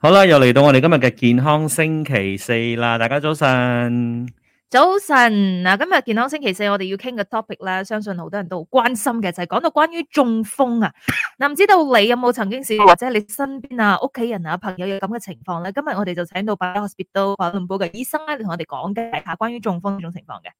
好啦，又嚟到我哋今日嘅健康星期四啦，大家早晨，早晨。嗱，今日健康星期四，我哋要傾嘅 topic 咧，相信好多人都好關心嘅，就係講到關於中風啊。嗱，唔知道你有冇曾經試過，或者你身邊啊、屋企人啊、朋友有咁嘅情況咧？今日我哋就請到百樂學 bit 到百倫保嘅醫生咧，同我哋講解下關於中風呢種情況嘅。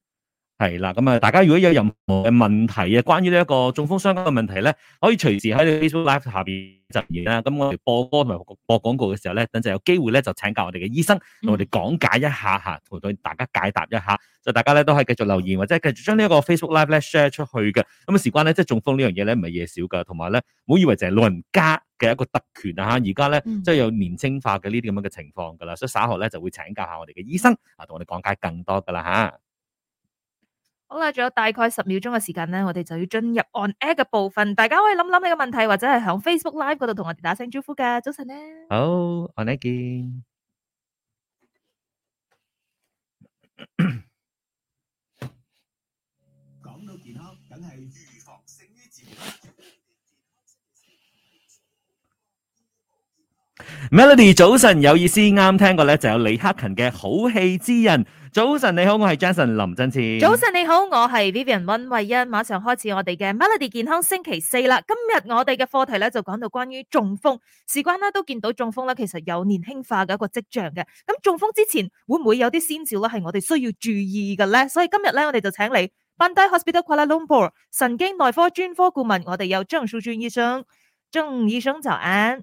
係啦，咁啊，大家如果有任何嘅問題啊，關於呢一個中風相關嘅問題咧，可以隨時喺你 Facebook Live 下邊留言啦。咁我哋播歌同埋播廣告嘅時候咧，等陣有機會咧就請教我哋嘅醫生，同我哋講解一下吓，同、嗯、大家解答一下。就大家咧都可以繼續留言，或者繼續將呢一個 Facebook Live 咧 share 出去嘅。咁啊，事關咧即係中風呢樣嘢咧，唔係嘢少噶，同埋咧唔好以為淨係老人家嘅一個特權啊吓，而家咧即係有年輕化嘅呢啲咁樣嘅情況噶啦，所以稍後咧就會請教下我哋嘅醫生啊，同我哋講解更多噶啦吓。好啦，仲有大概十秒鐘嘅時間咧，我哋就要進入 on air 嘅部分。大家可以諗諗你嘅問題，或者係喺 Facebook Live 嗰度同我哋打聲招呼㗎。早晨咧，好 on air 見。講到健康，梗係預防勝於治療。Melody，早晨，有意思，啱聽過咧，就有李克勤嘅好戲之人。早晨你好，我係 Jason 林振志。早晨你好，我係 Vivian 溫慧欣。馬上開始我哋嘅 Melody 健康星期四啦。今日我哋嘅課題咧，就講到關於中風。事關啦，都見到中風咧，其實有年輕化嘅一個跡象嘅。咁中風之前會唔會有啲先兆咧？係我哋需要注意嘅咧。所以今日咧，我哋就請你 Pantai Hospital Kuala Lumpur 神經內科專科顧問，我哋有張淑專醫生，張醫生就安。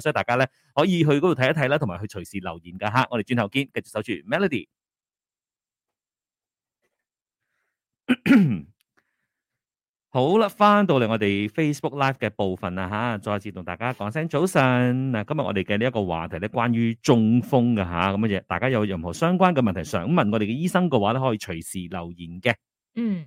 所以大家咧可以去嗰度睇一睇啦，同埋去隨時留言噶吓。我哋轉頭見，繼續守住 Melody。好啦，翻到嚟我哋 Facebook Live 嘅部分啦吓，再次同大家講聲早晨。嗱，今日我哋嘅呢一個話題咧，關於中風嘅吓咁嘅嘢，大家有任何相關嘅問題想問我哋嘅醫生嘅話咧，可以隨時留言嘅。嗯。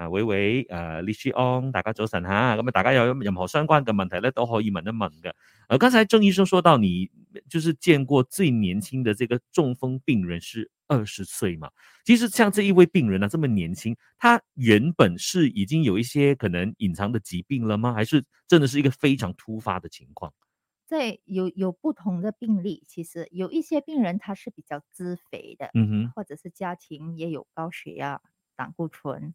啊喂喂，誒，李希安，大家早晨吓，咁啊，大家有任何相關嘅問題咧，都可以問一問嘅。誒，剛才鄭醫生說到，你就是見過最年輕的這個中風病人是二十歲嘛？其實像這一位病人啊，這麼年輕，他原本是已經有一些可能隱藏的疾病了嗎？還是真的是一個非常突發的情況？對，有有不同的病例，其實有一些病人他是比較痴肥的，嗯哼，或者是家庭也有高血壓、膽固醇。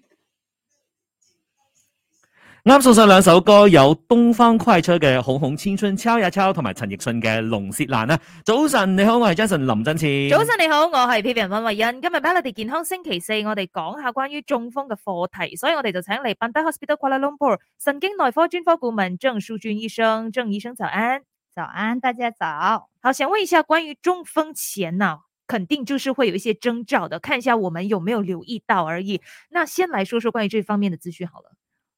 啱送上兩首歌，有東方快車嘅《紅紅青春》，敲一敲，同埋陳奕迅嘅《龍舌蘭》啦。早晨，你好，我係 Jason 林振慈。早晨，你好，我係 Vivian 溫慧欣。今日 MELODY 健康星期四，我哋講下關於中風嘅課題，所以我哋就請嚟班得 Hospital Kuala Lumpur 神經內科專科顧問鄭淑君醫生，鄭醫生早安，早安，大家早。好，想問一下關於中風前呢、啊、肯定就是會有一些徵兆的，看一下我們有沒有留意到而已。那先來說說關於這方面的資訊好了。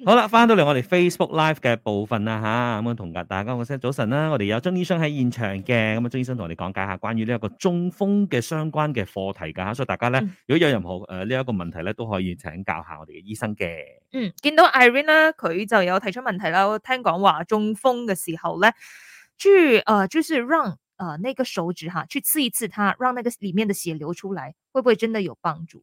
嗯、好啦，翻到嚟我哋 Facebook Live 嘅部分啦，吓咁啊，同大家好，我早晨啦。我哋有鐘醫生喺現場嘅，咁啊，鐘醫生同我哋講解下關於呢一個中風嘅相關嘅課題噶吓，所以大家咧，如果有任何誒呢一個問題咧，都可以請教下我哋嘅醫生嘅。嗯，見到 Irene 啦，佢就有提出問題啦。我聽講話中風嘅時候咧，去誒、呃，就是讓誒、呃、呢個手指吓去刺一刺它，它讓那個裏面的血流出來，會不會真的有幫助？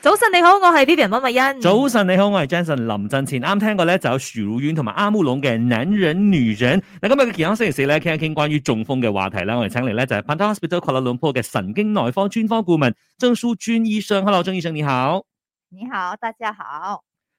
早晨你好，我係 Vivian 溫文欣。早晨你好，我係 Jason 林振前。啱聽過咧就有許茹芸同埋阿姆龍嘅男人女人。嗱，今日嘅健康星期四咧，傾一傾關於中風嘅話題啦。我哋請嚟咧就係 Pantai Hospital Kuala Lumpur 嘅神經內科專科顧問鍾書專醫生。Hello，鍾醫生你好，你好，大家好。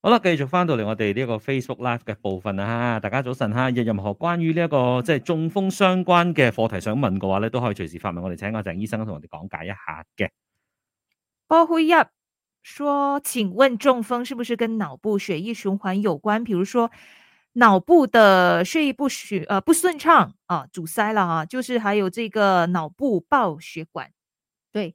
好啦，繼續翻到嚟我哋呢一個 Facebook Live 嘅部分啊！哈，大家早晨哈。有任何關於呢一個即係、就是、中風相關嘅課題想問嘅話咧，都可以隨時發問，我哋請阿鄭醫生同我哋講解一下嘅。包括呀，說，請問中風是不是跟腦部血液循環有關？譬如說腦部的血液不血，誒、呃，不順暢啊，阻塞啦，啊，就是還有這個腦部爆血管，對。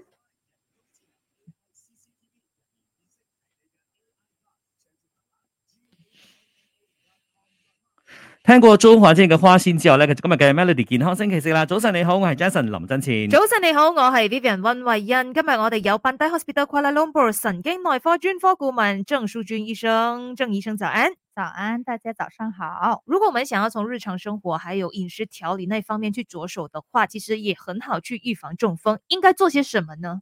聽過周華健嘅花心之後，今日嘅 Melody 健康星期四啦。早晨你好，我係 Jason 林振前。早晨你好，我係 Vivian 溫慧欣。今日我哋有 Pantai hospital Kuala Lumpur 神經內科專科顧問鄭淑君醫生。鄭醫生早安，早安，大家早上好。如果我們想要從日常生活還有飲食調理那方面去着手的話，其實也很好去預防中風，應該做些什麼呢？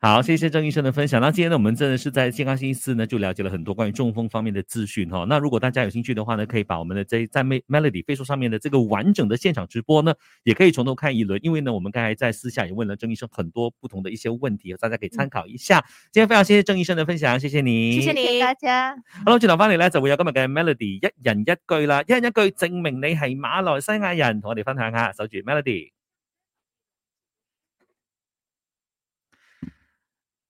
好，謝謝鄭醫生的分享。那今天呢，我們真的是在健康星期四呢，就了解了很多關於中風方面的資訊哈。那如果大家有興趣的話呢，可以把我們的這在 Melody Facebook 上面的這個完整的現場直播呢，也可以從頭看一輪。因為呢，我們剛才在私下也問了鄭醫生很多不同的一些問題，大家可以參考一下。嗯、今天非常謝謝鄭醫生的分享，謝謝你，謝謝你，大家。Hello，轉頭翻嚟呢。就會有今日嘅 Melody 一人一句啦，一人一句證明你係馬來西亞人，同我哋分享一下，守住 Melody。